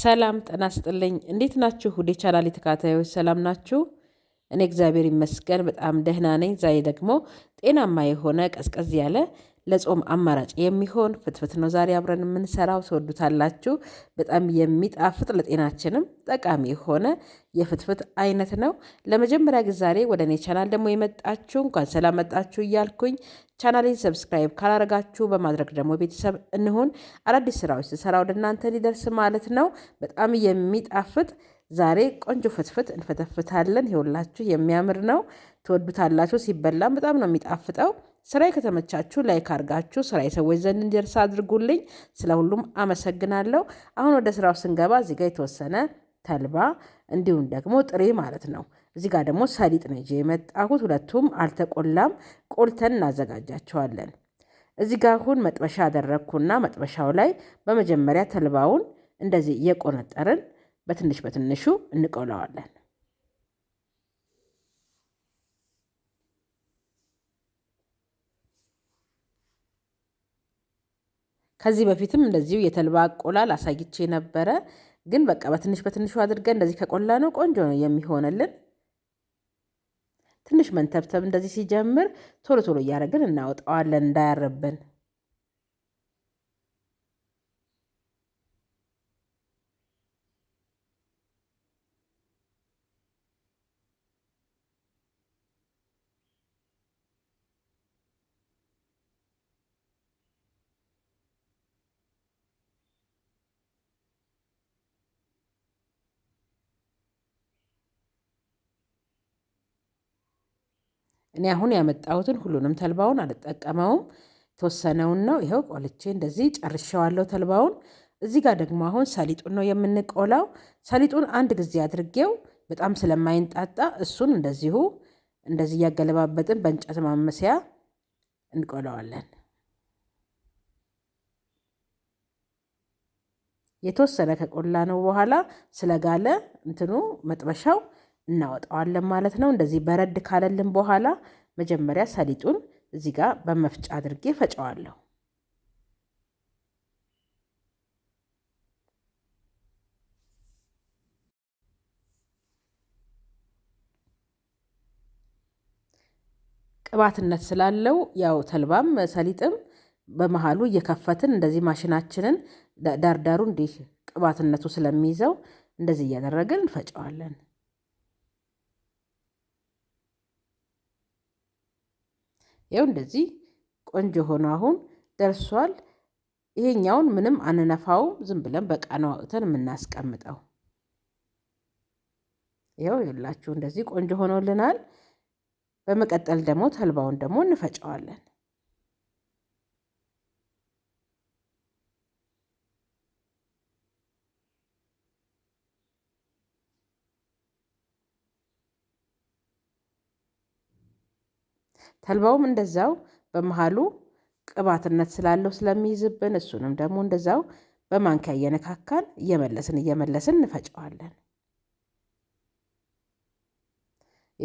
ሰላም ጤና ስጥልኝ። እንዴት ናችሁ? ወደ ቻናል ተከታታዮች ሰላም ናችሁ? እኔ እግዚአብሔር ይመስገን በጣም ደህና ነኝ። ዛሬ ደግሞ ጤናማ የሆነ ቀዝቀዝ ያለ ለጾም አማራጭ የሚሆን ፍትፍት ነው ዛሬ አብረን የምንሰራው። ትወዱታላችሁ። በጣም የሚጣፍጥ ለጤናችንም ጠቃሚ የሆነ የፍትፍት አይነት ነው። ለመጀመሪያ ጊዜ ዛሬ ወደ እኔ ቻናል ደግሞ የመጣችሁ እንኳን ሰላም መጣችሁ እያልኩኝ ቻናሌን ሰብስክራይብ ካላረጋችሁ በማድረግ ደግሞ ቤተሰብ እንሁን። አዳዲስ ስራዎች ስሰራ ወደ እናንተ ሊደርስ ማለት ነው። በጣም የሚጣፍጥ ዛሬ ቆንጆ ፍትፍት እንፈተፍታለን። ይኸውላችሁ የሚያምር ነው። ትወዱታላችሁ። ሲበላም በጣም ነው የሚጣፍጠው። ስራዬ ከተመቻችሁ ላይክ አድርጋችሁ ስራ የሰዎች ዘንድ እንዲደርስ አድርጉልኝ። ስለ ሁሉም አመሰግናለሁ። አሁን ወደ ስራው ስንገባ እዚህ ጋር የተወሰነ ተልባ እንዲሁም ደግሞ ጥሬ ማለት ነው። እዚህ ጋር ደግሞ ሰሊጥ ነው ይዤ የመጣሁት። ሁለቱም አልተቆላም፣ ቆልተን እናዘጋጃቸዋለን። እዚህ ጋር አሁን መጥበሻ አደረግኩና መጥበሻው ላይ በመጀመሪያ ተልባውን እንደዚህ እየቆነጠርን በትንሽ በትንሹ እንቆላዋለን። ከዚህ በፊትም እንደዚሁ የተልባ ቆላል አሳይቼ ነበረ። ግን በቃ በትንሽ በትንሹ አድርገን እንደዚህ ከቆላ ነው ቆንጆ ነው የሚሆንልን። ትንሽ መንተብተብ እንደዚህ ሲጀምር ቶሎ ቶሎ እያደረግን እናወጣዋለን እንዳያርብን። እኔ አሁን ያመጣሁትን ሁሉንም ተልባውን አልጠቀመውም። የተወሰነውን ነው ይኸው ቆልቼ እንደዚህ ጨርሼዋለሁ ተልባውን። እዚህ ጋር ደግሞ አሁን ሰሊጡን ነው የምንቆላው። ሰሊጡን አንድ ጊዜ አድርጌው በጣም ስለማይንጣጣ እሱን እንደዚሁ እንደዚህ እያገለባበጥን በእንጨት ማመስያ እንቆለዋለን። የተወሰነ ከቆላ ነው በኋላ ስለጋለ እንትኑ መጥበሻው እናወጣዋለን ማለት ነው። እንደዚህ በረድ ካለልን በኋላ መጀመሪያ ሰሊጡን እዚህ ጋር በመፍጫ አድርጌ ፈጨዋለሁ። ቅባትነት ስላለው ያው ተልባም ሰሊጥም በመሃሉ እየከፈትን እንደዚህ ማሽናችንን ዳርዳሩ እንዲህ ቅባትነቱ ስለሚይዘው እንደዚህ እያደረግን እንፈጨዋለን። ይኸው እንደዚህ ቆንጆ ሆኖ አሁን ደርሷል። ይሄኛውን ምንም አንነፋውም። ዝም ብለን በቃ ነው አውጥተን የምናስቀምጠው። ይኸው የላችሁ እንደዚህ ቆንጆ ሆኖልናል። በመቀጠል ደግሞ ተልባውን ደግሞ እንፈጨዋለን። ተልባውም እንደዛው በመሃሉ ቅባትነት ስላለው ስለሚይዝብን እሱንም ደግሞ እንደዛው በማንኪያ እየነካካን እየመለስን እየመለስን እንፈጨዋለን።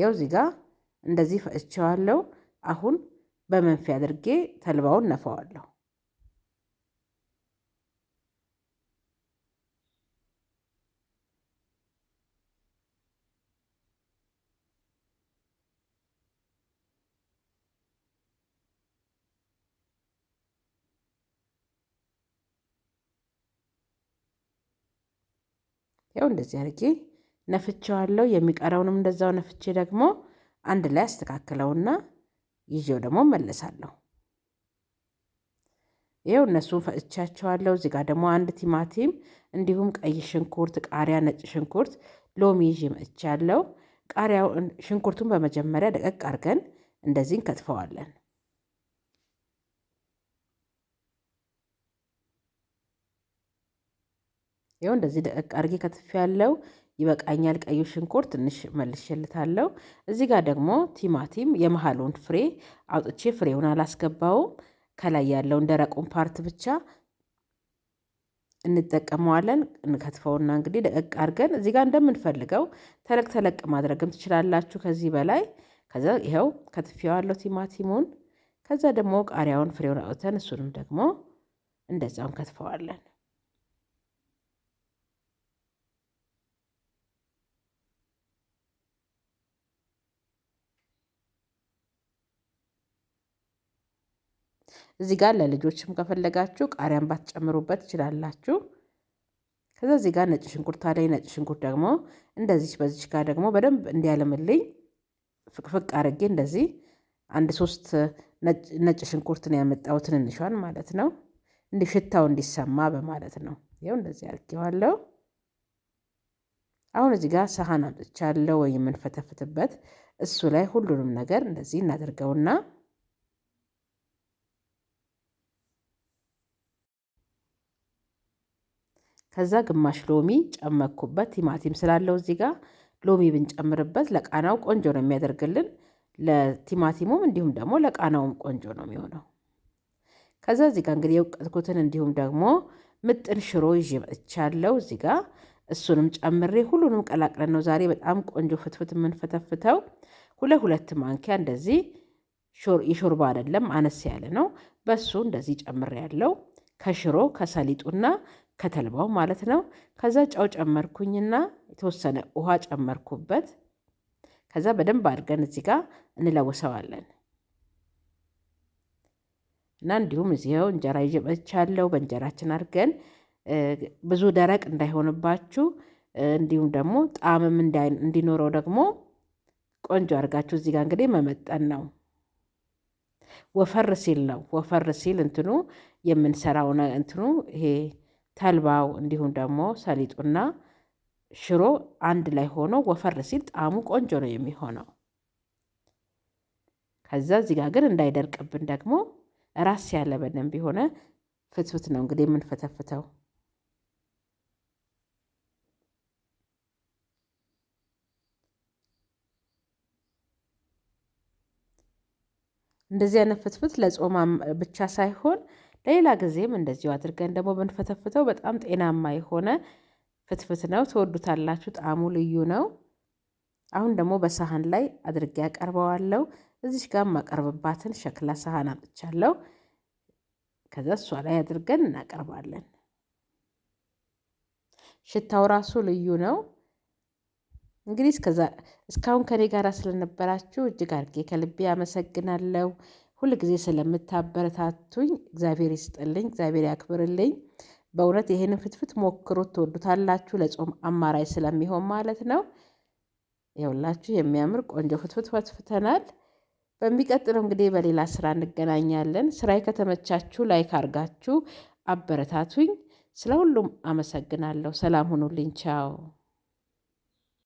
ያው እዚህ ጋር እንደዚህ ፈጭቼዋለሁ። አሁን በመንፊያ አድርጌ ተልባውን ነፋዋለሁ። ያው እንደዚህ አድርጌ ነፍቼዋለሁ። የሚቀረውንም እንደዛው ነፍቼ ደግሞ አንድ ላይ አስተካክለውና ይዤው ደግሞ መለሳለሁ። ይኸው እነሱን ፈጭቻቸዋለሁ። እዚህ ጋር ደግሞ አንድ ቲማቲም እንዲሁም ቀይ ሽንኩርት፣ ቃሪያ፣ ነጭ ሽንኩርት፣ ሎሚ ይዤ መጥቻለሁ። ቃሪያው ሽንኩርቱን በመጀመሪያ ደቀቅ አድርገን እንደዚህ እንከትፈዋለን። ይኸው እንደዚህ ደቀቅ አድርጌ ከትፍ ያለው ይበቃኛል። ቀዩ ሽንኩርት ትንሽ መልሼልታለሁ። እዚህ ጋር ደግሞ ቲማቲም የመሃሉን ፍሬ አውጥቼ ፍሬውን አላስገባውም። ከላይ ያለውን ደረቁን ፓርት ብቻ እንጠቀመዋለን። እንከትፈውና እንግዲህ ደቀቅ አድርገን እዚህ ጋር እንደምንፈልገው ተለቅ ተለቅ ማድረግም ትችላላችሁ ከዚህ በላይ። ከዛ ይኸው ከትፌዋለሁ ቲማቲሙን። ከዛ ደግሞ ቃሪያውን ፍሬውን አውጥተን እሱንም ደግሞ እንደዛው እንከትፈዋለን። እዚህ ጋር ለልጆችም ከፈለጋችሁ ቃሪያን ባትጨምሩበት ትችላላችሁ። ከዛ እዚህ ጋር ነጭ ሽንኩርት አለኝ። ነጭ ሽንኩርት ደግሞ እንደዚህ በዚች ጋር ደግሞ በደንብ እንዲያለምልኝ ፍቅፍቅ አድርጌ እንደዚህ አንድ ሶስት ነጭ ሽንኩርትን ያመጣው ትንንሿን ማለት ነው። እንዲህ ሽታው እንዲሰማ በማለት ነው። ይኸው እንደዚህ አድርጌዋለሁ። አሁን እዚህ ጋር ሰሃን አምጥቻለሁ ወይ የምንፈተፍትበት እሱ ላይ ሁሉንም ነገር እንደዚህ እናደርገውና ከዛ ግማሽ ሎሚ ጨመኩበት። ቲማቲም ስላለው እዚህ ጋር ሎሚ ብንጨምርበት ለቃናው ቆንጆ ነው የሚያደርግልን። ለቲማቲሙም እንዲሁም ደግሞ ለቃናውም ቆንጆ ነው የሚሆነው። ከዛ እዚህ ጋር እንግዲህ የውቀትኩትን እንዲሁም ደግሞ ምጥን ሽሮ ይዤ መጥቻለሁ እዚህ ጋር እሱንም ጨምሬ ሁሉንም ቀላቅለን ነው ዛሬ በጣም ቆንጆ ፍትፍት የምንፈተፍተው። ሁለት ሁለት ማንኪያ እንደዚህ የሾርባ አይደለም አነስ ያለ ነው። በሱ እንደዚህ ጨምሬ ያለው ከሽሮ ከሰሊጡና ከተልባው ማለት ነው። ከዛ ጨው ጨመርኩኝና የተወሰነ ውሃ ጨመርኩበት። ከዛ በደንብ አድርገን እዚህ ጋር እንለውሰዋለን እና እንዲሁም እዚው እንጀራ ይዤበቻለሁ። በእንጀራችን አድርገን ብዙ ደረቅ እንዳይሆንባችሁ እንዲሁም ደግሞ ጣዕምም እንዲኖረው ደግሞ ቆንጆ አድርጋችሁ እዚህ ጋር እንግዲህ መመጠን ነው። ወፈር ሲል ነው ወፈር ሲል እንትኑ የምንሰራው እንትኑ ይሄ ተልባው እንዲሁም ደግሞ ሰሊጡና ሽሮ አንድ ላይ ሆኖ ወፈር ሲል ጣዕሙ ቆንጆ ነው የሚሆነው። ከዛ እዚህ ጋር ግን እንዳይደርቅብን ደግሞ ራስ ያለ በደንብ የሆነ ፍትፍት ነው እንግዲህ የምንፈተፍተው። እንደዚህ አይነት ፍትፍት ለጾማ ብቻ ሳይሆን ለሌላ ጊዜም እንደዚሁ አድርገን ደግሞ ብንፈተፍተው በጣም ጤናማ የሆነ ፍትፍት ነው። ትወዱታላችሁ። ጣዕሙ ልዩ ነው። አሁን ደግሞ በሳህን ላይ አድርጌ ያቀርበዋለሁ። እዚች ጋር ማቀርብባትን ሸክላ ሳህን አምጥቻለሁ። ከዛ እሷ ላይ አድርገን እናቀርባለን። ሽታው ራሱ ልዩ ነው። እንግዲህ እስከዛ እስካሁን ከኔ ጋር ስለነበራችሁ እጅግ አድርጌ ከልቤ አመሰግናለሁ። ሁል ጊዜ ስለምታበረታቱኝ እግዚአብሔር ይስጥልኝ፣ እግዚአብሔር ያክብርልኝ። በእውነት ይሄንን ፍትፍት ሞክሩት፣ ትወዱታላችሁ። ለጾም አማራጭ ስለሚሆን ማለት ነው። የሁላችሁ የሚያምር ቆንጆ ፍትፍት ፈትፍተናል። በሚቀጥለው እንግዲህ በሌላ ስራ እንገናኛለን። ስራዬ ከተመቻችሁ ላይክ አርጋችሁ አበረታቱኝ። ስለ ሁሉም አመሰግናለሁ። ሰላም ሁኑልኝ። ቻው